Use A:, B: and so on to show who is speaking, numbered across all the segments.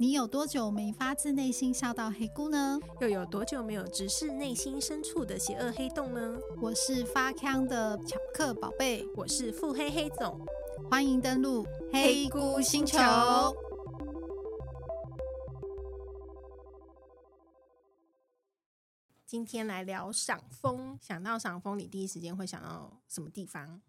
A: 你有多久沒發自內心笑到黑菇呢？又有多久沒有直視內心深處的邪惡黑洞呢？我是發腔的巧克寶貝，我是腹黑黑總，歡迎登錄黑菇星球。星
B: 球今天來聊賞楓，想到賞楓，你第一時間會想到什麼地方？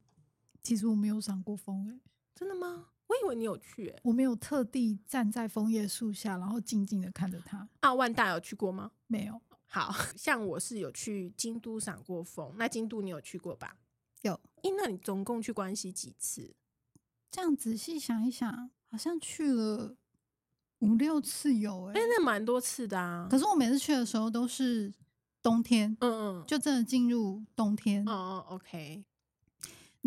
A: 其實我沒有賞過楓。哎，
B: 真的嗎？我以為你有去，欸，
A: 我沒有特地站在楓葉樹下，然後靜靜的看着它。
B: 啊，萬大有去過嗎？沒有，好像我是有去京都賞過楓。那京都你有去過吧？有，哎，欸，那你總共去關西幾次？這樣仔細想一想，好像去了五六次有，欸，哎，那蠻多次的啊。可是
A: 我每次去的時候都是冬天，嗯嗯，就真的進入冬天。哦哦，嗯嗯，OK。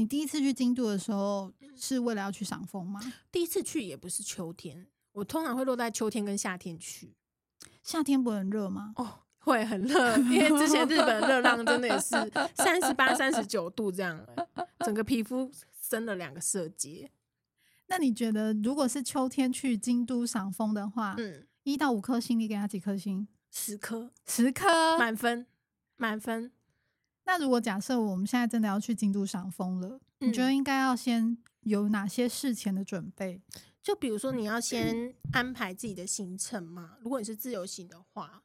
A: 你第一次去京都的時候，是為了要去賞楓嗎？
B: 第一次去也不是秋天，我通常會落在秋天跟夏天去。夏天不會很熱嗎？哦，會很熱， 因為之前日本熱浪真的也是三十八、三十九度這樣、欸，整個皮膚深了兩個色階。那你覺得
A: 如果是秋天去京都賞楓的話，嗯，一到五顆星，你給他幾顆星？
B: 十顆顆，
A: 十顆顆，
B: 滿分，滿分。
A: 那如果假設我們現在真的要去京都賞楓了，嗯、你覺得應該要先有哪些事前的準備？
B: 就比如說你要先安排自己的行程嘛？如果你是自由行的話，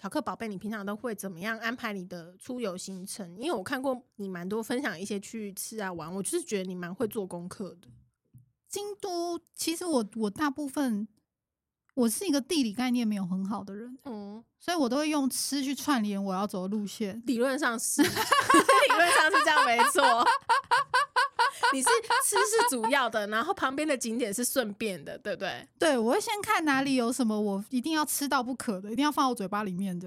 B: 小克寶貝，你平常都會怎麼樣安排你的出遊行程？因為我看過你蠻多分享一些去吃啊玩，我就是覺得你蠻會做功課的。京都
A: 其實我我大部分。我是一個地理概念沒有很好的人，嗯，所以我都會用吃去串聯我要走的路線，理論上是，
B: 理論上是這樣沒錯， 你是吃是主要的，然後旁邊的景點是順便的，對不對？
A: 對，我會先看哪裡有什麼我一定要吃到不可的，一定要放我嘴巴裡面的，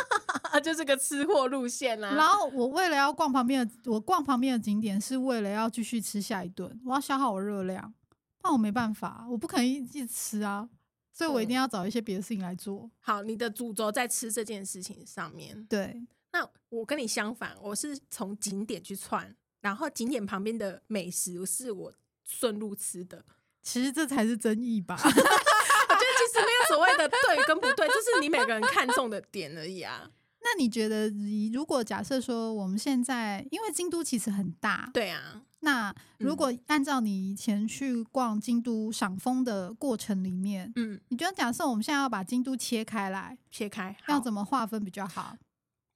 B: 就是個吃貨路線啊。然後
A: 我為了要逛旁邊的，我逛旁邊的景點是為了要繼續吃下一頓，我要消耗我熱量，那我沒辦法，我不可能一直吃啊。所以我一定要找一些別的事情來做。
B: 好，你的主軸在吃這件事情上面。對，那我跟你相反，我是從景點去串，然後景點旁邊的美食是我順路吃的。其
A: 實這才是爭議吧？
B: 我覺得其實沒有所謂的對跟不對， 就是你每個人看重的點而已啊。
A: 那你覺得，如果假設說我們現在，因為京都其實很大，對啊。那如果按照你以前去逛京都賞楓的過程裡面，嗯，你覺得假設我們現在要把京都切開來，切開
B: 要怎麼劃分比較好？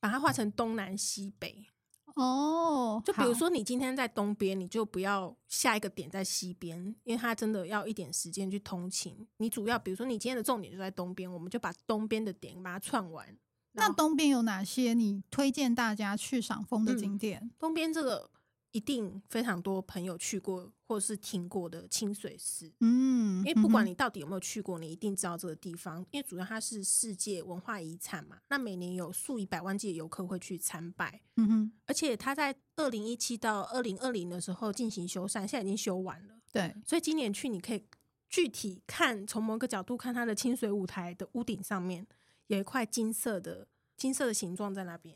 B: 把它劃成東南西北哦。Oh, 就比如說你今天在東邊，好你就不要下一個點在西邊，因為它真的要一點時間去通勤。你主要比如說你今天的重點就在東邊，我們就把東邊的點把它串完。那東邊有哪些你推薦大家去
A: 賞楓的景
B: 點？嗯、東邊這個。一定非常多朋友去過或是聽過的清水寺，嗯，嗯，因為不管你到底有沒有去過，你一定知道這個地方，因為主要它是世界文化遺產嘛。那每年有數以百萬計的遊客會去參拜，嗯哼。而且它在二零一七到二零二零的時候進行修繕，現在已經修完了。對，所以今年去你可以具體看，從某個角度看它的清水舞台的屋頂上面有一塊金色的金色的形狀在那邊。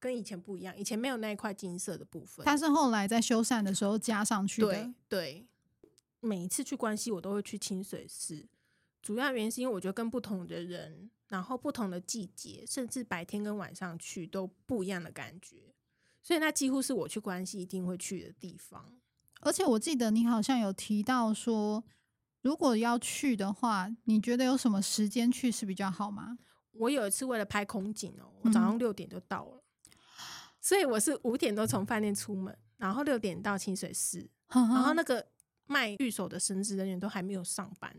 B: 跟以前不一樣，以前沒有那一塊金色的部分。它是後
A: 來在修繕的時候加上去的。對，
B: 對。每一次去關西，我都會去清水寺，主要原因是因為我覺得跟不同的人，然後不同的季節，甚至白天跟晚上去都不一樣的感覺。所以，那幾乎是我去關西一定會去的地方。
A: 而且，我記得你好像有提到說，如果要去的話，你覺得有什麼時間去是比較好嗎？
B: 我有一次為了拍空景哦、喔，我早上六點就到了。嗯所以我是五點多從飯店出門，然後六點到清水寺，然後那個賣御守的神職人員都還沒有上班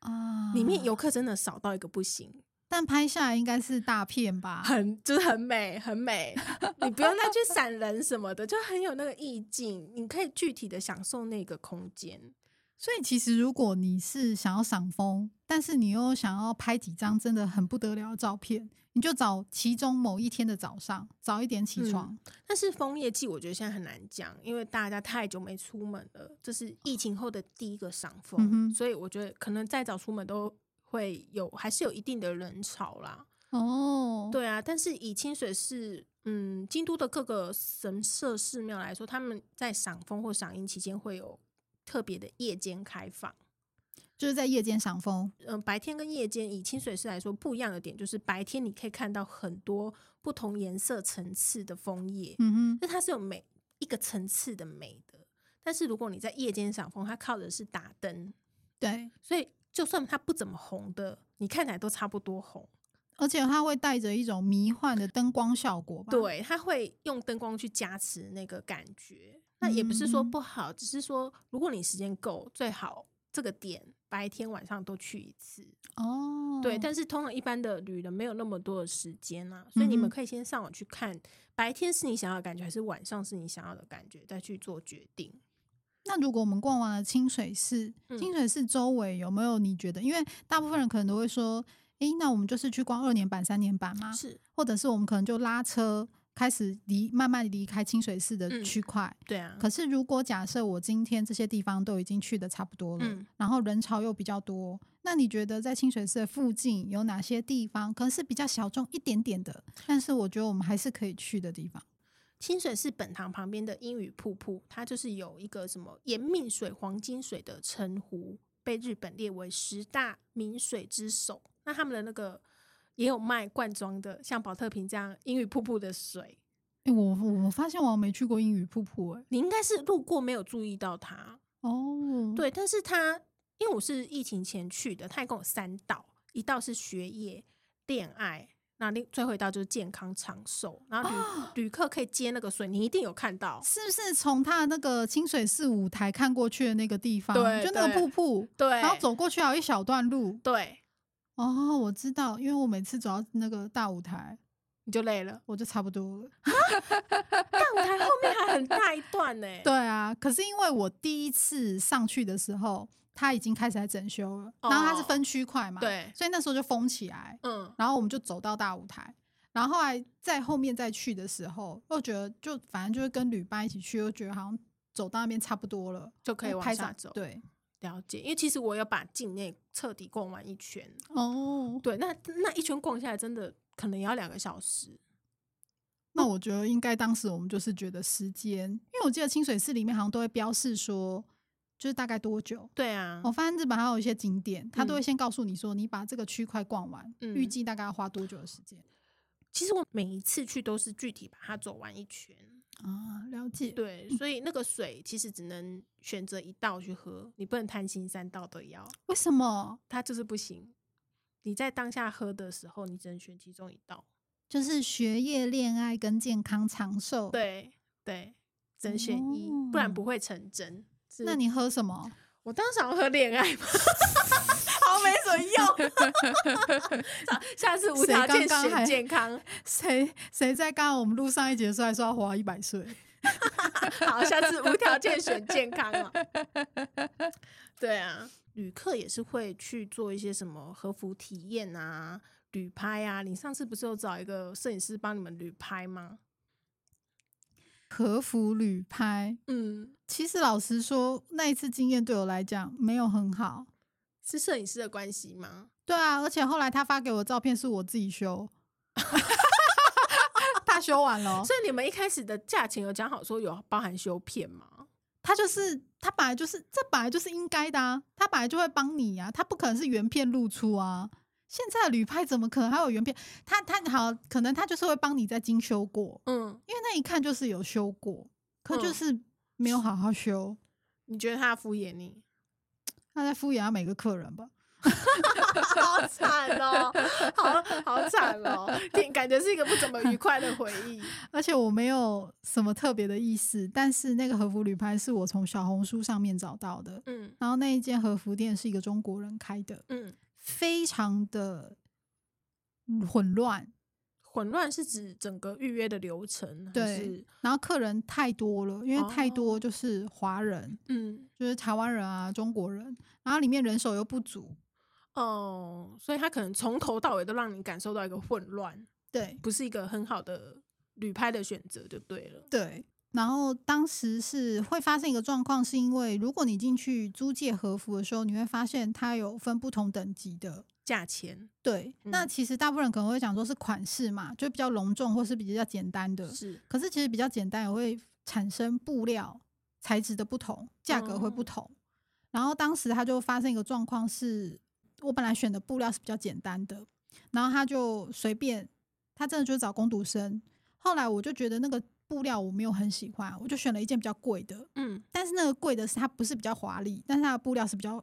A: 啊，嗯、裡面遊
B: 客真的少到一個不行。
A: 但拍下來應該是大
B: 片吧，很就是很美，很美。 你不用再去閃人什麼的，就很有那個意境，你可以具體的享受那個空間。所以其實
A: 如果你是想要賞楓，但是你又想要拍幾張真的很不得了的照片。你就找其中某一天的早上早一點起床，
B: 嗯、但是楓葉季我覺得現在很難講，因為大家太久沒出門了，這是疫情後的第一個賞楓，嗯、哼所以我覺得可能再早出門都會有，還是有一定的人潮啦。
A: 哦，
B: 對啊，但是以清水寺，嗯，京都的各個神社寺廟來說，他們在賞楓或賞櫻期間會有特別的夜間開放。
A: 就是在夜間賞楓，
B: 嗯、呃，白天跟夜間以清水寺來說不一樣的點就是白天你可以看到很多不同顏色層次的楓葉，嗯哼，那它是有每一個層次的美的。但是如果你在夜間賞楓，它靠的是打燈，對，所以就算它不怎麼紅的，你看起來都差不多紅，而且
A: 它會帶着一種迷幻的燈光效果吧？對，
B: 它會用燈光去加持那個感覺。那也不是說不好，嗯哼，只是說如果你時間夠，最好這個點。白天晚上都去一次哦，oh、對，但是通常一般的旅人沒有那麼多的時間啊，所以你們可以先上網去看，白天是你想要的感覺，還是晚上是你想要的感覺，再去做決定。
A: 那如果我們逛完了清水寺，清水寺周圍有沒有你覺得？嗯、因為大部分人可能都會說，誒、欸，那我們就是去逛二年坂、三年坂嗎？是，或者是我們可能就拉車。開始離慢慢離開清水寺的區塊、嗯，對啊。可是如果假設我今天這些地方都已經去的差不多了，嗯、然後人潮又比較多，那你覺得在清水寺附近有哪些地方可能是比較小眾一點點的？但是我覺得我們還是可以去的地方。
B: 清水寺本堂旁邊的音羽瀑布，它就是有一個什麼“延命水”、“黃金水”的稱呼，被日本列為十大名水之首。那他們的那個。也有賣罐裝的，像寶特瓶這樣英語瀑布的水。
A: 欸、我我發現我好像沒去過英語瀑布、欸，你
B: 應該是路過沒有注意到它哦。對，但是它因為我是疫情前去的，它一共有三道，一道是學業、戀愛，那另最後一道就是健康長壽。然後旅、啊、旅客可以接那個水，你一定有看到，是不
A: 是從它那個清水寺舞台看過去的那個地方，對就那個瀑布，對然後走過去還有一小段路，對。哦，我知道，因為我每次走到那個大舞台，你就累了，我就差不多了。
B: 大蛤 舞台後面還很大一段呢，欸。對啊，
A: 可是因為我第一次上去的時候，它已經開始在整修了，然後它是分區塊嘛，對，哦，所以那時候就封起來。嗯對，然後我們就走到大舞台，然後後來在後面再去的時候，又覺得就反正就是跟旅伴一起去，又覺得好像走到那邊差不多了，就可以往下走。對。
B: 了解，因為其實我要把境內徹底逛完一圈。
A: 哦，oh. 對，那那一
B: 圈逛下來，真的可能也要兩個小時。
A: 那我覺得應該當時我們就是覺得時間，哦、因為我記得清水寺裡面好像都會標示說，就是大概多久。對啊，我發現日本還有一些景點，嗯、他都會先告訴你說，你把這個區塊逛完，預計、嗯、大概要花多久的
B: 時間。其實我每一次去都是具體把它走完一圈。啊，了解。對，所以那個水其實只能選擇一道去喝，你不能貪心三道都要。為什麼？它就是不行。你在當下喝的時候，你只能選其中一道，
A: 就是學業、戀愛跟健康長壽。
B: 對對，
A: 只選一，哦、不然不會成真。那你喝什麼？我當
B: 時想要喝戀愛嘛。 沒有，很 下次無條件選健康。
A: 誰誰在剛剛我們錄上一節說，說要活一百歲。
B: 好，下次無條件選健康了。對啊，旅客也是會去做一些什麼和服體驗啊、旅拍啊。你上次不是有找一個攝影師幫你們旅拍嗎？
A: 和服旅拍，嗯，其實老實說，那一次經驗對我來講沒有很
B: 好。是攝影師的關係嗎？
A: 對啊，而且後來他發給我的照片是我自己修，
B: 他修完了。 所以你們一開始的價錢有講好說有包含修片嗎？他就是他本來就是這本來就是應該的啊，他本
A: 來就會幫你呀，啊，他不可能是原片露出啊。現在的旅拍怎麼可能還有原片？他他好可能他就是會幫你再精修過，嗯，因為那一看就是有修過，可是就是沒有好好修。
B: 嗯。你覺得他敷衍你？
A: 他在敷衍下每個客人吧，
B: 好慘哦，好好慘哦，感覺是一個不怎麼愉快的回憶。
A: 而且我沒有什麼特別的意思，但是那個和服旅拍是我從小紅書上面找到的，嗯，然後那一間和服店是一個中國人開的，嗯，非常的混
B: 亂。混亂是指整個預約的流程，對。
A: 是然後客人太多了，因為太多就是華人，哦、嗯，就是台灣人啊，中國人。然後裡面人手又不足，
B: 哦，所以他可能從頭到尾都讓你感受到一個混亂，對，不是一個很好的旅拍的選擇，就對了，
A: 對。然後當時是會發生一個狀況，是因為如果你進去租借和服的時候，你會發現它有分不同等級的價錢。對，嗯、那其實大部分人可能會講說是款式嘛，就比較隆重或是比較簡單的。是，可是其實比較簡單也會產生布料材質的不同，價格會不同。哦、然後當時他就發生一個狀況，是我本來選的布料是比較簡單的，然後他就隨便，他真的就是找工讀生。後來我就覺得那個。布料我沒有很喜歡，我就選了一件比較貴的。嗯，但是那個貴的是它不是比較華麗，但是它的布料是比較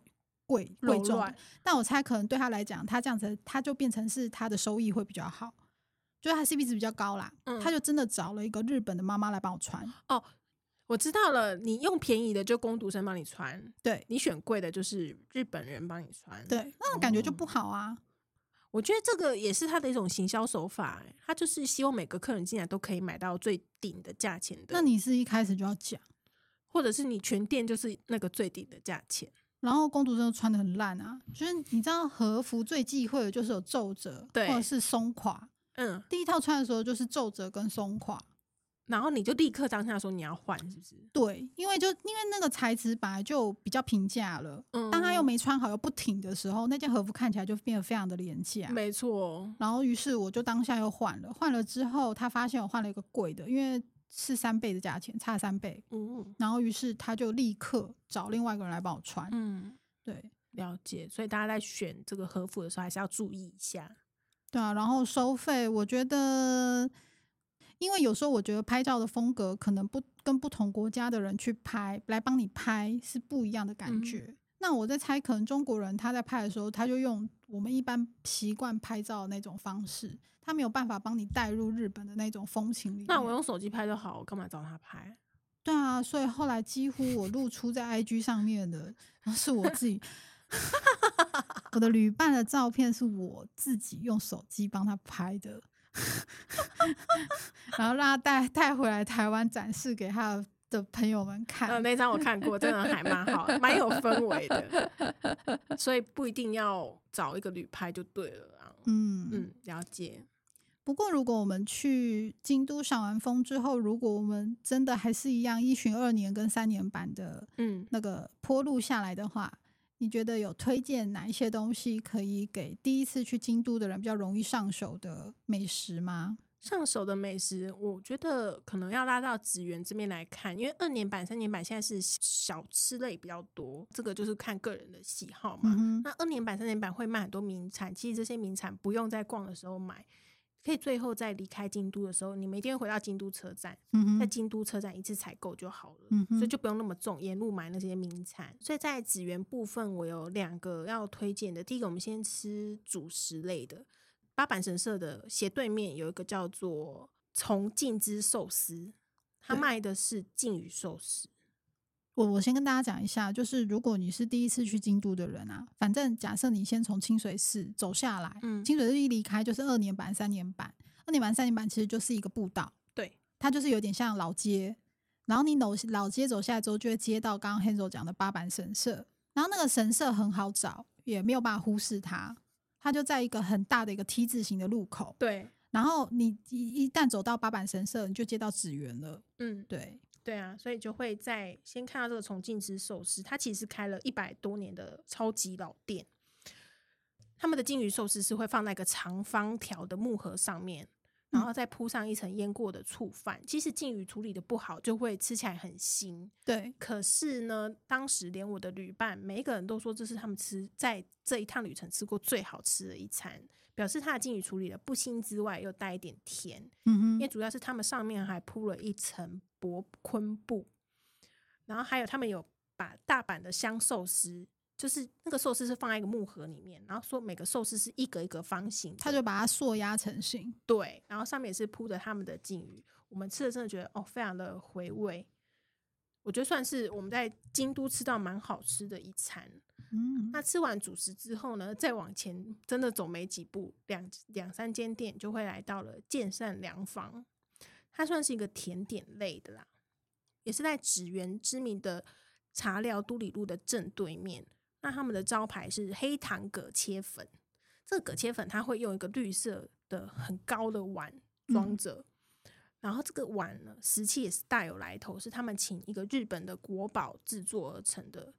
A: 貴貴重、柔軟。但我猜可能對它來講，它這樣子他就變成是他的收益會比較好，就是它 CP 值比較高啦。嗯，它就真的找了一個日本的媽媽來幫我穿。哦，
B: 我知道了，你用便宜的就工讀生幫你穿，對你選貴的就是日本人幫你穿。對，那種感覺就不好啊。嗯。我覺得這個也是他的一種行銷手法，欸，他就是希望每個客人進來都可以買到最頂的價錢的。那你是一開始就要講，或者是你全店就是那個最頂的價錢？
A: 然後公主真的穿得很爛啊，就是你知道和服最忌諱的就是有皺褶，或者是鬆垮。嗯，第一套穿的時候就是皺褶跟鬆垮。
B: 然後你就立刻當下說你要換，是不是？
A: 對，因為就因為那個材質本來就比較平價了，嗯，當他又沒穿好又不挺的時候，那件和服看起來就變得非常的廉價，沒錯。然後於是我就當下又換了，換了之後他發現我換了一個貴的，因為是三倍的價錢，差三倍，嗯。
B: 然後於是他就立刻找另外一個人來幫我穿，嗯，對，了解。所以大家在選這個和服的時候還是要注意一下，
A: 對啊。然後收費，我覺得。因為有時候我覺得拍照的風格可能不跟不同國家的人去拍，來幫你拍是不一樣的感覺。嗯、那我在猜，可能中國人他在拍的時候，他就用我們一般習慣拍照的那種方式，他沒有辦法幫你帶入日本的那種風情裡。那
B: 我用手機拍就好，我幹嘛找他拍？
A: 對啊，所以後來幾乎我露出在 IG 上面的， 是我自己， 我的旅伴的照片是我自己用手機幫他拍的。 然後讓他帶帶回來台灣展示給他的朋友們看。
B: 嗯、那張我看過，真的還蠻好，蠻 有氛圍的。所以不一定要找一個旅拍就對了。啊、嗯嗯，了解。
A: 不過如果我們去京都賞完楓之後，如果我們真的還是一樣一群二年跟三年版的，嗯，那個坡路下來的話。嗯你覺得有推薦哪一些東西可以給第一次去京都的人比較容易上手的美食嗎？
B: 上手的美食，我覺得可能要拉到祇園這邊來看，因為二年坂、三年坂現在是小吃類比較多，這個就是看個人的喜好嘛。嗯、哼那二年坂、三年坂會賣很多名產，其實這些名產不用在逛的時候買。可以最後在離開京都的時候，你們一定會回到京都車站，嗯、哼在京都車站一次採購就好了，嗯、哼所以就不用那麼重，沿路買那些名產。所以在祇園部分，我有兩個要推薦的。第一個，我們先吃主食類的，八坂神社的斜對面有一個叫做崇敬之壽司，他賣的是鯖魚壽司。對嗯
A: 我我先跟大家講一下，就是如果你是第一次去京都的人啊，反正假設你先從清水寺走下來，嗯，清水寺一離開就是二年坂、三年坂，二年坂、三年坂其實就是一個步道，對，它就是有點像老街，然後你走老，老街走下來之後，就會接到剛剛 Hanzo 講的八坂神社，然後那個神社很好找，也沒有辦法忽視它，它就在一個很大的一個 T 字形的路口，對，然後你一一旦走到八坂神社，你就接到祇園了，嗯，對。
B: 對啊，所以就會在先看到這個重慶之壽司，它其實是開了一百多年的超級老店。他們的金魚壽司是會放在一個長方條的木盒上面。然後再鋪上一層醃過的醋飯，其實鯨魚處理的不好，就會吃起來很腥。對，可是呢，當時連我的旅伴，每一個人都說這是他們吃在這一趟旅程吃過最好吃的一餐，表示他的鯨魚處理的不腥之外，又帶一點甜。嗯哼，因為主要是他們上面還鋪了一層薄昆布，然後還有他們有把大阪的香壽司。就是那個壽司是放在一個木盒裡面，然後說每個壽司是一格一格方形，他就把它塑壓成型。對，然後上面也是鋪着他們的鯨魚，我們吃了真的覺得哦，非常的回味。我覺得算是我們在京都吃到蠻好吃的一餐。嗯，嗯，那吃完主食之後呢，再往前真的走沒幾步，兩兩三間店就會來到了鍵善良房，它算是一個甜點類的啦，也是在祇園知名的茶寮都里路的正對面。那他們的招牌是黑糖葛切粉，這個葛切粉它會用一個綠色的很高的碗裝着，嗯、然後這個碗呢，瓷器也是大有來頭，是他們請一個日本的國寶製作而成的。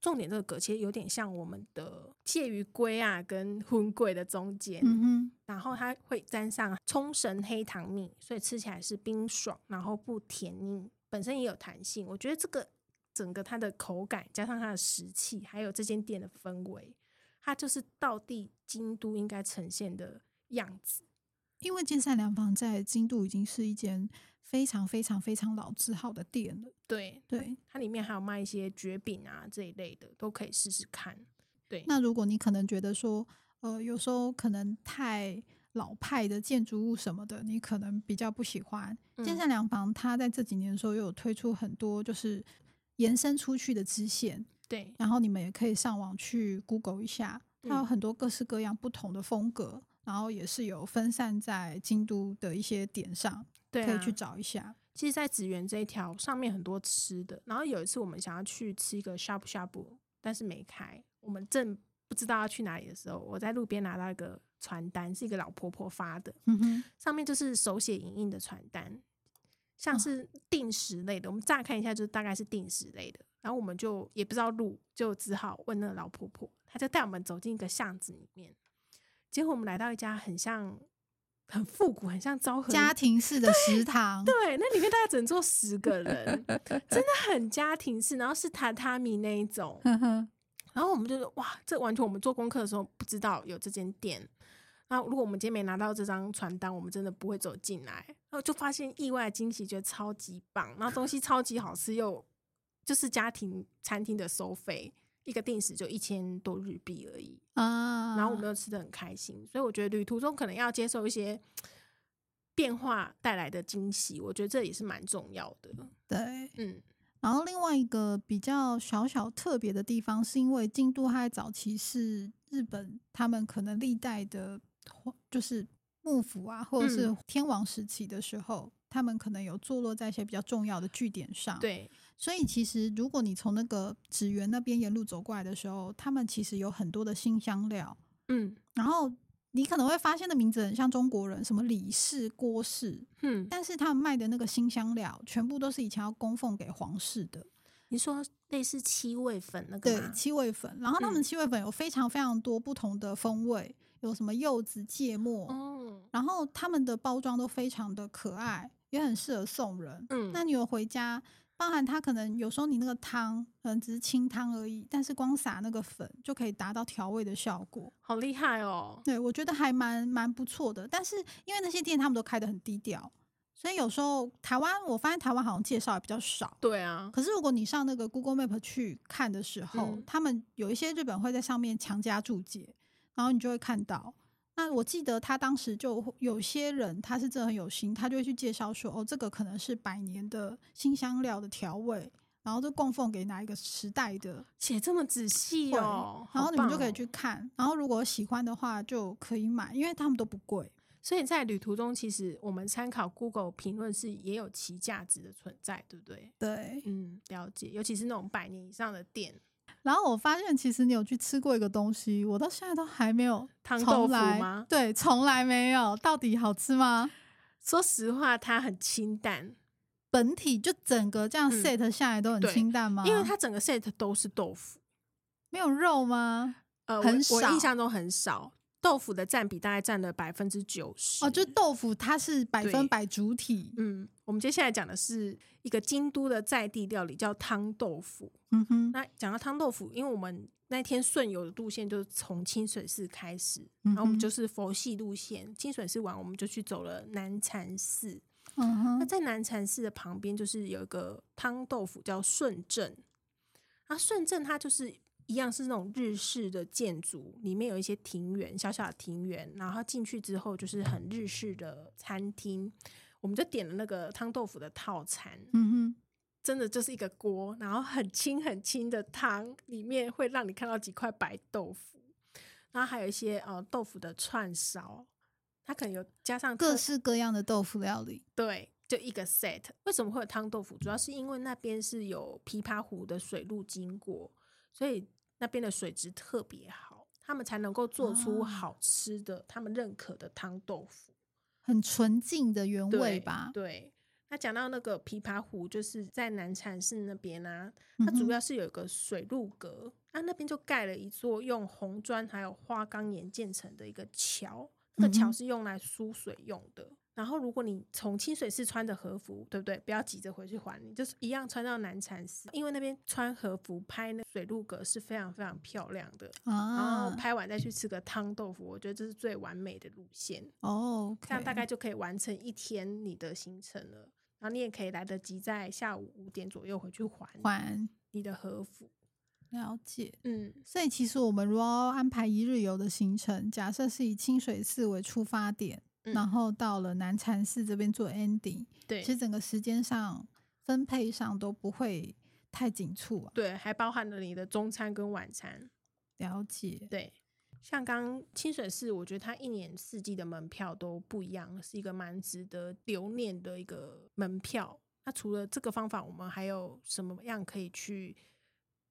B: 重點這個葛切有點像我們的介於龜啊跟昆貴的中間，嗯、哼然後它會沾上沖繩黑糖蜜，所以吃起來是冰爽，然後不甜膩，本身也有彈性。我覺得這個。整個它的口感，加上它的食器，還有這間店的氛圍，它就是到底京都應該呈現的樣子。
A: 因為建善良房在京都已經是一間非常非常非常老字號的店
B: 了。對對，對它裡面還有賣一些絕餅啊這一類的，都可以試試看。對，那
A: 如果你可能覺得說，呃，有時候可能太老派的建築物什麼的，你可能比較不喜歡。嗯、建善良房它在這幾年的時候又有推出很多，就是。延伸出去的支線，對。然後你們也可以上網去 Google 一下，嗯、它有很多各式各樣不同的風格，然後也是有分散
B: 在京都的一些點上，對啊、可以去找一下。其實，在紫園這一條上面很多吃的，然後有一次我們想要去吃一個 Shabu Shabu，但是沒開。我們正不知道要去哪裡的時候，我在路邊拿到一個傳單，是一個老婆婆發的，嗯哼，上面就是手寫影印的傳單。像是定食類的，哦、我們乍看一下就大概是定食類的，然後我們就也不知道路，就只好問那個老婆婆，她就帶我們走進一個巷子裡面，結果我們來到一家很像很復古、很像昭和家庭式的食堂。對，對，那裡面大概只能坐十個人， 真的很家庭式，然後是榻榻米那一種，呵呵，然後我們就說哇，這完全我們做功課的時候不知道有這間店。那如果我們今天沒拿到這張傳單，我們真的不會走進來。然後就發現意外的驚喜，覺得超級棒。那東西超級好吃，又就是家庭餐廳的收費，一個定時就一千多日幣而已
A: 啊。然後我們
B: 又吃的很開心，所以我覺得旅途中可能要接受一些變化帶來的驚喜，我覺得這也是蠻重要的。對，
A: 嗯。然後另外一個比較小小特別的地方，是因為京都它在早期是日本，他們可能歷代的。就是幕府啊，或者是天王時期的時候，嗯、他們可能有坐落在一些比較重要的據點上。對，所以其實如果你從那個祇園那邊沿路走過來的時候，他們其實有很多的辛香料。嗯，然後你可能會發現的名字很像中國人，什麼李氏、郭氏。嗯，但是他們賣的那個辛香料全部都是以前要供奉給皇室的。你說
B: 類似七味粉
A: 那個嗎？對，七味粉。然後他們七味粉有非常非常多不同的風味。嗯嗯有什麼柚子芥末，嗯、然後他們的包裝都非常的可愛，也很適合送人。嗯、那你有回家，包含它可能有時候你那個湯，嗯，可能只是清湯而已，但是光撒那個粉就可以達到調味的效果，好厲害哦。對，我覺得還蠻蠻不錯的。但是因為那些店他們都開得很低調，所以有時候台灣我發現台灣好像介紹也比較少。對啊，可是如果你上那個 Google Map 去看的時候，嗯、他們有一些日本會在上面強加注解。然後你就會看到，那我記得他當時就有些人，他是真的很有心，他就會去介紹說，哦，這個可能是百年的辛香料的調味，然後就供奉給哪一個時代的，寫這麼仔細哦，然後你們就可以
B: 去看，好棒，然後如果喜歡的話就可以買，因為他們都不貴，所以在旅途中其實我們參考 Google 評論是也有其價值的存在，對不對？對，嗯，了解，尤其是那種百年以上的店。
A: 然後我發現，其實你有去吃過一個東西，我到現在都還沒有。湯豆腐嗎？對，從來沒有。到底好吃嗎？說實話，它很清淡，本體就整個這樣 set 下來都很清淡嗎？嗯，因為它
B: 整個 set 都是豆腐，沒有肉嗎？呃，很少，我，我印象中很少。豆腐的佔比大概佔了百分之九十哦，就豆腐它是百分百主體。嗯，我們接下來講的是一個京都的在地料理，叫湯豆腐。嗯哼，那講到湯豆腐，因為我們那天順遊的路線就是從清水寺開始，嗯哼。然後我們就是佛系路線，清水寺完我們就去走了南禪寺。嗯哼，那在南禪寺的旁邊就是有一個湯豆腐叫順正，啊，順正它就是。一樣是那種日式的建築，裡面有一些庭園，小小的庭園。然後進去之後就是很日式的餐廳，我們就點了那個湯豆腐的套餐。嗯哼，真的就是一個鍋，然後很清很清的湯，裡面會讓你看到幾塊白豆腐，然後還有一些呃豆腐的串燒，它可能有加
A: 上各、各式各樣的豆腐料理。
B: 對，就一個 set。為什麼會有湯豆腐？主要是因為那邊是有琵琶湖的水路經過，所以。那邊的水質特別好，他們才能夠做出好吃的、哦、他們認可的湯豆腐，
A: 很純淨的原味吧？對，
B: 對。那講到那個琵琶湖，就是在南禪寺那邊呢、啊，它主要是有一個水路閣、嗯哼啊，那那邊就蓋了一座用紅磚還有花崗岩建成的一個橋，那個橋是用來輸水用的。嗯然後，如果你從清水寺穿的和服，對不對？不要急着回去還，你就是一樣穿到南禪寺，因為那邊穿和服拍那水路閣是非常非常漂亮的。啊、然後拍完再去吃個湯豆腐，我覺得這是最完美的路線
A: 哦。Okay、這樣大概就
B: 可以完成一天你的行程了。然後你也可以來得及在下午五點左右回去還還你的和服。了解，嗯。
A: 所以其實我們如果安排一日遊的行程，假設是以清水寺為出發點。然後到了南禪寺這邊做 ending，對，其實整個時間上分配上都不會太緊促啊。
B: 對，還包含了你的中餐跟晚餐。了解。對，像剛清水寺，我覺得它一年四季的門票都不一樣，是一個蠻值得留念的一個門票。那除了這個方法，我們還有什麼樣可以去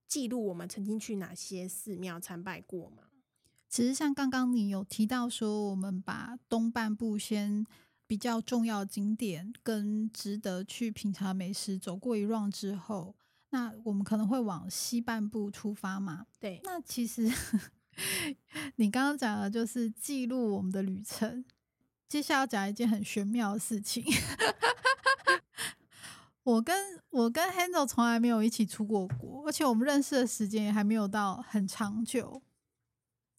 B: 記錄我們曾經去哪些寺廟參拜過嗎？
A: 其實像剛剛你有提到說，我們把東半部先比較重要的景點跟值得去品嘗美食走過一 round 之後，那我們可能會往西半部出發嘛？對。那其實你剛剛講的，就是記錄我們的旅程。接下來要講一件很玄妙的事情。 我跟我跟 Handle 從來沒有一起出過國，而且我們認識的時間也還沒有到很長久。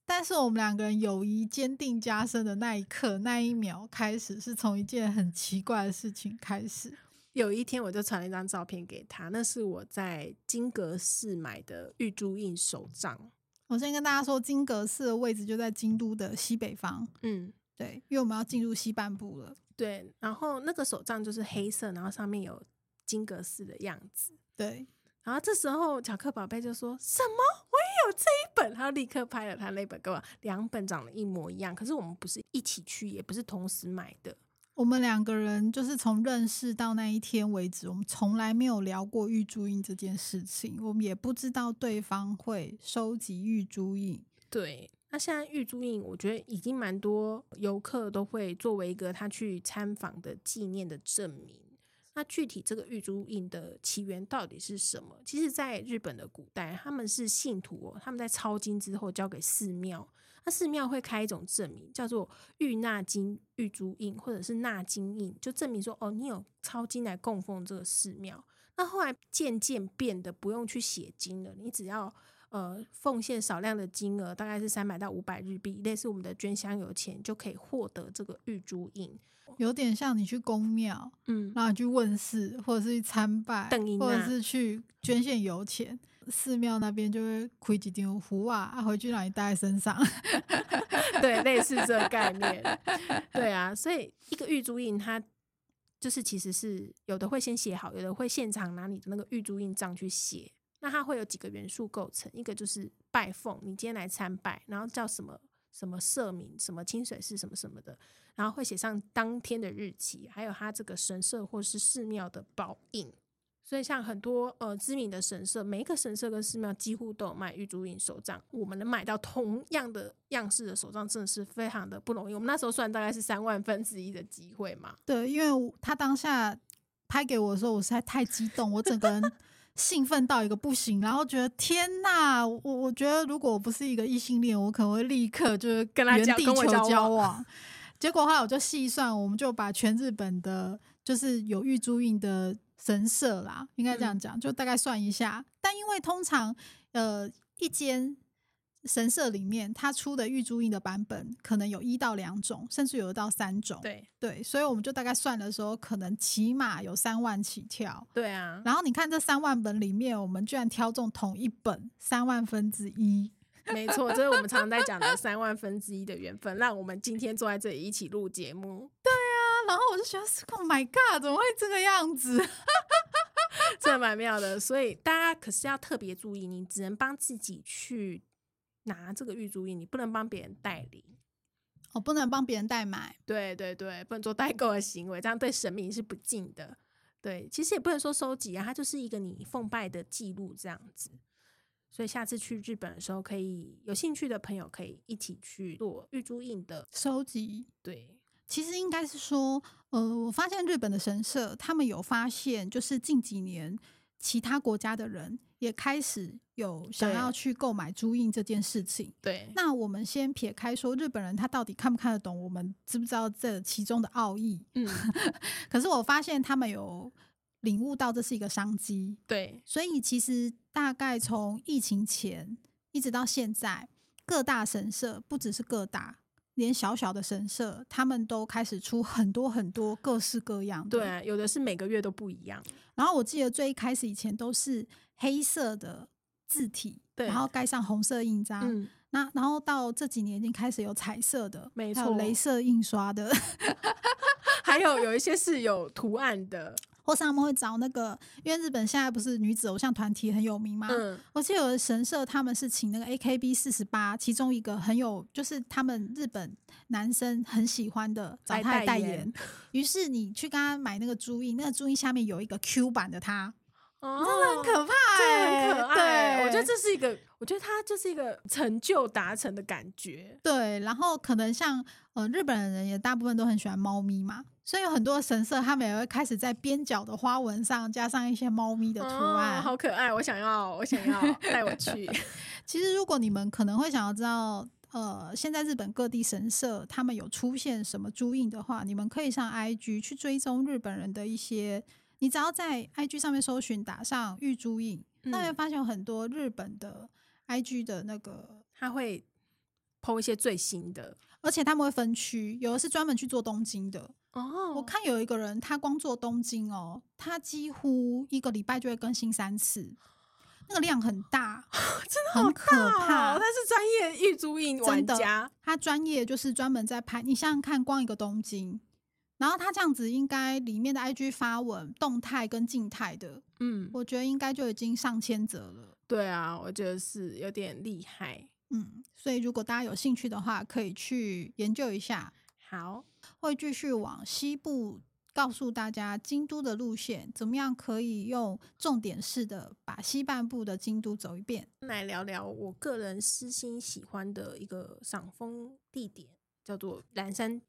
A: 但是我們兩個人友誼堅定加深的那一刻，那一秒開始是從一件很奇怪的事情開始。
B: 有一天，我就傳了一張照片給他，那是我在金閣寺買的御朱印手帳。我先跟大
A: 家說，金閣寺的位置就在京都的西北方。
B: 嗯，對，因
A: 為我們要進入西半
B: 部了。對，然後那個手帳就是黑色，然後上面有金閣寺的樣子。對，然後這時候巧克寶貝就說什麼？這一本，他立刻拍了他那本給我，兩本長得一模一樣，可是我們不是一起去，也不是同時買的。
A: 我們兩個人就是從認識到那一天為止，我們從來沒有聊過御朱印這件事情，我們也不知道對方會收集御朱印。
B: 對，那現在御朱印，我覺得已經蠻多遊客都會作為一個他去參訪的紀念的證明。那具體這個御朱印的起源到底是什麼？其實，在日本的古代，他們是信徒，他們在抄經之後交給寺廟，那寺廟會開一種證明，叫做御納經御朱印，或者是納經印，就證明說，哦，你有抄經來供奉這個寺廟。那後來漸漸變得不用去寫經了，你只要。呃，奉獻少量的金額，大概是三百到五百日幣，類似我們的捐香油錢，就可以獲得這個玉珠印，
A: 有點像你去宮廟，嗯，然後你去問事，或者是去參拜，或者是去捐獻油錢，寺廟那邊就會虧幾丟符啊，回去讓你帶在身上，
B: 對，類似這個概念， 對啊，所以一個玉珠印，它就是其實是有的會先寫好，有的會現場拿你的那個玉珠印帳去寫。那它會有幾個元素構成？一個就是拜奉，你今天來參拜，然後叫什麼什麼社名、什麼清水寺什麼什麼的，然後會寫上當天的日期，還有它這個神社或是寺廟的寶印。所以像很多呃知名的神社，每一個神社跟寺廟幾乎都有賣御朱印手帳。我們能買到同樣的樣式的手帳，真的是非常的不容易。我們那時候算大概是三萬分之一的機會嘛？
A: 對，因為他當下拍給我的時候，我實在太激動，我整個人。 興奮到一個不行，然後覺得天吶，我我覺得如果我不是一個異性戀，我可能會立刻就是跟他原地求交往。結果後來，我就細算，我們就把全日本的，就是有御朱印的神社啦，應該這樣講，嗯、就大概算一下。但因為通常呃一間。神社裡面，他出的御朱印的版本可能有一到兩種，甚至有一到三種。對對，所以我們就大概算的時候，可能起碼有三萬起跳。對啊，然後你看這三萬本裡面，我們居然挑中同一本三萬分之一。
B: 沒錯，這，就是我們常在講的三萬分之一的緣分， 讓我們今天坐在這裡一起錄節目。對啊，然後我就覺得，Oh my God，怎麼會這個樣子？這 蠻妙的，所以大家可是要特別注意，你只能幫自己去。拿這個御朱印，你不能幫別人代理，哦，不能幫別人代買，對對對，不能做代購的行為，這樣對神明是不敬的。對，其實也不能說收集啊，它就是一個你奉拜的記錄這樣子。所以下次去日本的時候，可以有興趣的朋友可以一起去做御朱印的收集。對，其實應該是
A: 說，呃，我發現日本的神社他們有發現，就是近幾年，其他國家的人也開始有想要去購買朱印這件事情。對，對，那我們先撇開說，日本人他到底看不看得懂？我們知不知道這其中的奧義？嗯， 可是我發現他們有領悟到這是一個商機。對，所以其實大概從疫情前一直到現在，各大神社不只是各大。連小小的神社，他們都開始出很多很多各式各樣的。對、啊，有的是每個月都不一樣。然後我記得最一開始以前都是黑色的字體，對然後蓋上紅色印章。嗯、那然後到這幾年已經開始有彩色的，沒錯，雷射印刷的，
B: 沒錯 還有有一些是有圖案的。
A: 或是他們會找那個，因為日本現在不是女子偶像團體很有名嘛，嗯，而且有的神社他們是請那個 AKB48 其中一個很有，就是他們日本男生很喜歡的找他代言。於代是你去跟他買那個朱印，那個朱印下面有一個 Q 版的他，哦，
B: 真的很可怕。對，我覺得這是一個，我覺得它就是一個成就達成的感覺。
A: 對，然後可能像呃，日本人也大部分都很喜歡貓咪嘛，所以有很多神社他們也會開始在邊角的花紋上加上一些貓咪的圖案，哦、好可愛！我想要，我想要帶我去。 其實，如果你們可能會想要知道，呃，現在日本各地神社他們有出現什麼珠印的話，你們可以上 IG 去追蹤日本人的一些，你只要在 IG 上面搜尋打上“玉珠印”。那邊發現有很多日本的 IG 的那個，他會 PO 一些最新的，嗯、新的，而且他們會分區，有的是專門去做東京的。哦，我看有一個人他光做東京哦，他幾乎一個禮拜就會更新三次，那個量很大，哦、真的、哦、很可怕！他是專業玉足影玩家，真的，他專業就是專門在拍。你想想看，光一個東京。然後他這樣子，應該裡面的 IG 發文動態跟靜態的，嗯，我覺得應該就已經上千則了。
B: 對啊，我覺得是有點厲害。嗯，
A: 所以如果大家有興趣的話，可以去研究一下。好，會繼續往西部告訴大家京都的路線，怎麼樣可以用重點
B: 式的把西半部的京都走一遍。來聊聊我個人私心喜歡的一個賞楓地點，叫做嵐山。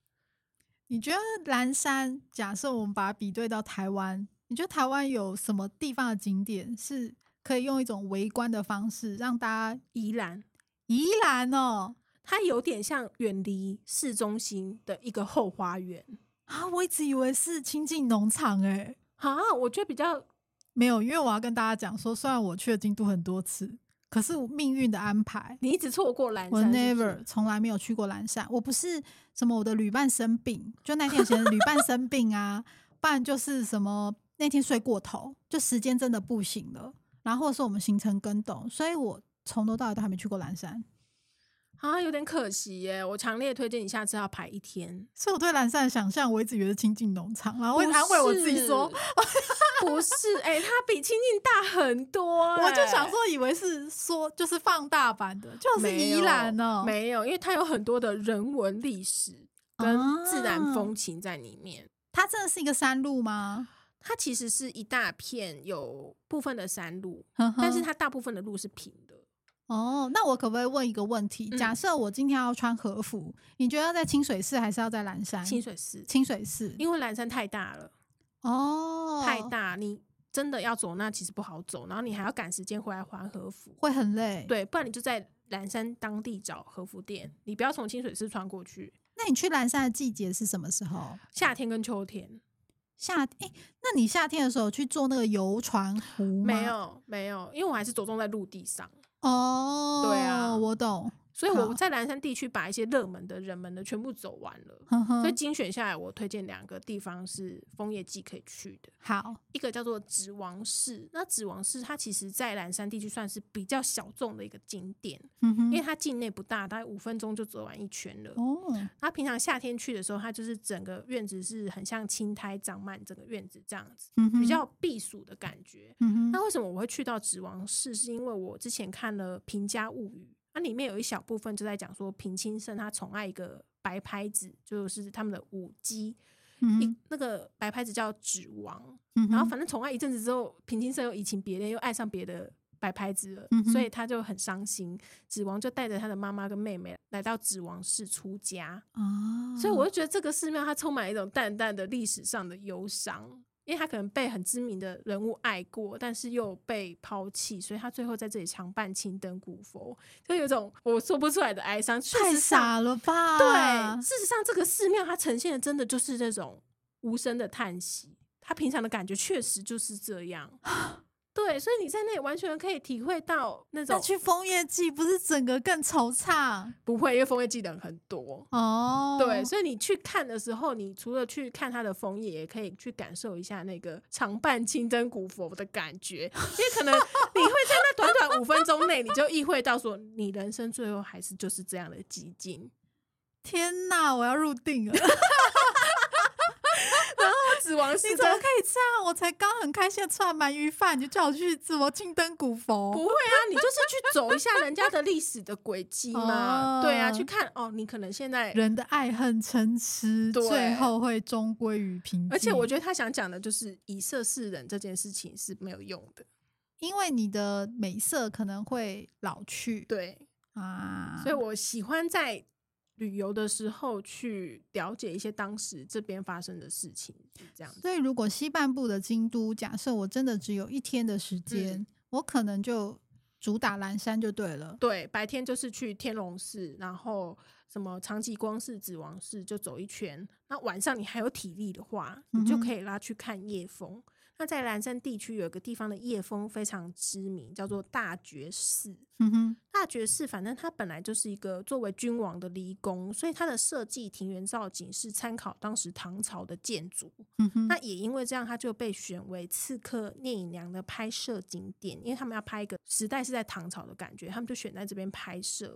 B: 你覺得
A: 嵐山，假設我們把它比對到台灣，你覺得台灣有什麼地方的景點是可以用一種圍觀的方式讓大家宜蘭？宜蘭
B: 哦，它有點像遠離市中心的一個後花園啊！我一直以為是清境農場哎，啊，我覺得比較
A: 沒有，因為我要跟大家講說，雖然我去了京都很多次。可是我命運的安排，你一直錯過藍山，是是。我 never 從來沒有去過藍山。我不是什麼我的旅伴生病，就那天先旅伴生病啊， 不然就是什麼那天睡過頭，就時間真的不行了。然後是我們行程更動，所以我從頭到尾都還沒去過藍山。
B: 啊，有點可惜耶！我強烈推薦你下次要排一天。
A: 所以我對嵐山的想象，我一直覺得清境農場，然後會安慰我自己說，
B: 不是，哎、欸，它比清境大很多。我就想說，以為是說就是放大版的，就是宜蘭呢、喔？沒有，因為它有很多的人文歷史跟自然風情在裡面、啊。它真的是一個山路嗎？它其實是一大片有部分的山路，呵呵但是它大部分的路是平的。
A: 哦，那我可不可以問一個問題？假設我今天要穿和服，嗯、你覺得要在清水寺還是要在嵐山？清水寺，清水
B: 寺，因為嵐山太大了，哦，太大，你真的要走，那其實不好走，然後你還要趕時間回來還和服，
A: 會很累。對，
B: 不然你就在嵐山當地找和服店，你不要從清水寺穿過去。
A: 那你去嵐山的季節是什麼時候、嗯？夏
B: 天跟秋天。
A: 夏，哎、欸，那你夏天的時候去坐那個遊船湖嗎？沒有，
B: 沒有，因為我還是着重在陸地上。
A: 哦，oh, 對啊，我懂。
B: 所以我在藍山嵐山地區把一些熱門的人們的全部走完了，好所以精選下來，我推薦兩個地方是楓葉季可以去的。好，一個叫做祇王寺。那祇王寺它其實，在嵐山地區算是比較小眾的一個景點，嗯、哼因為它境內不大，大概五分鐘就走完一圈了。哦，那平常夏天去的時候，它就是整個院子是很像青苔長滿整個院子這樣子，比較避暑的感覺。嗯、哼那為什麼我會去到祇王寺？是因為我之前看了《平家物語》。那裡面有一小部分就在講說平清盛他寵愛一個白拍子，就是他們的舞姬，嗯、一那個白拍子叫祇王，嗯、哼然後反正寵愛一陣子之後，平清盛又移情別戀，又愛上別的白拍子了，嗯、哼所以他就很傷心，祇王就帶着他的媽媽跟妹妹來到祇王寺出家、
A: 哦、所以我
B: 就覺得這個寺廟它充滿一種淡淡的歷史上的憂傷。因為他可能被很知名的人物愛過，但是又被拋棄，所以他最後在這裡常伴青燈古佛，就有種我說不出來的哀傷。太傻了吧？對，事實上這個寺廟它呈現的真的就是這種無聲的嘆息，他平常的感覺確實就是這樣。對，所以你在那裡完全可以體會到那種。去楓葉季不是整個更惆悵？不會，因為楓葉季人很多哦。對，所以你去看的時候，你除了去看它的楓葉，也可以去感受一下那個長伴青燈古佛的感覺。因為可能你會在那短短五分鐘內，你就意會到說，你人生最後還是就是這樣的寂靜。
A: 天哪，我要入定了。 死亡？你怎麼可以這樣、啊？我才剛很開心，吃完鰻魚飯，你就叫我去吃我青燈古佛？不會啊，你就是去走一下人家的
B: 歷史的軌跡嘛。哦、對啊，去看哦，你可能現在人
A: 的愛恨嗔痴，對最後會終歸於平靜。而且我覺
B: 得他想講的就是以色侍人這件事情是沒有用的，因為你的美色可能會老去。對啊，所以我喜歡在。旅遊的時候去了解一些當時這邊發生的事情，這樣。所以
A: 如果西半部的京都，假設我真的只有一天的時間，嗯、我可能就主打嵐山就對了。
B: 對，白天就是去天龍寺，然後什麼常寂光寺、祇王寺就走一圈。那晚上你還有體力的話，你就可以拉去看夜楓。嗯那在嵐山地區有一個地方的夜楓非常知名，叫做大覺寺。嗯哼，大覺寺反正它本來就是一個作為君王的離宮，所以它的設計庭園造景是參考當時唐朝的建築。嗯哼，那也因為這樣，它就被選為《刺客聶隱娘》的拍攝景點，因為他們要拍一個時代是在唐朝的感覺，他們就選在這邊拍攝。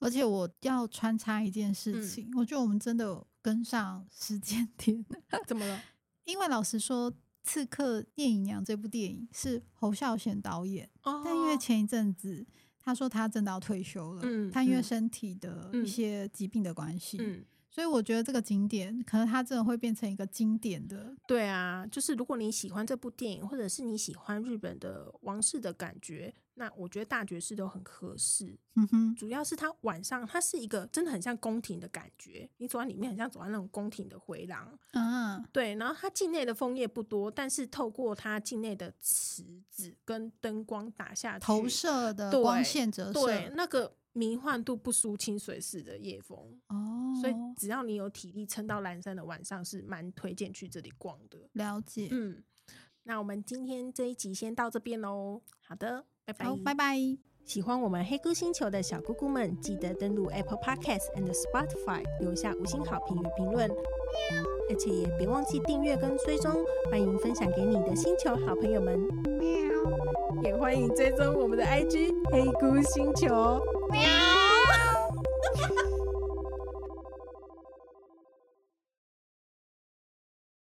A: 而且我要穿插一件事情，嗯、我覺得我們真的跟上時間點。怎麼了？因為老實說。刺客聶隱娘這部電影是侯孝賢導演，哦、但因為前一陣子他說他真的要退休了，嗯、他因為身體的一些疾病的關係。嗯嗯嗯所以我覺得這個景點可能它真的會
B: 變成一個經典的，對啊，就是如果你喜歡這部電影，或者是你喜歡日本的王室的感覺，那我覺得大覺寺都很合適。嗯哼，主要是它晚上它是一個真的很像宮廷的感覺，你走在裡面很像走在那種宮廷的回廊。
A: 嗯，
B: 嗯，對，然後它境內的楓葉不多，但是透過它境內的池子跟燈光打下去投射的光線折射，對，對，那個。迷幻度不輸清水寺的夜風哦，所以只要你有體力撐到嵐山的晚上，是蠻推薦去這裡逛的。了解，嗯，那我們今天這一集先到這邊嘍。好的，好，拜拜，拜拜。喜歡我們黑菇星球的小菇菇們，記得登錄 Apple Podcast and Spotify，留下五星好評與評論，喵而且也別忘記訂閱跟追蹤，歡迎分享給你的星球好朋友們。也歡迎追蹤我們的 IG 黑菇星球。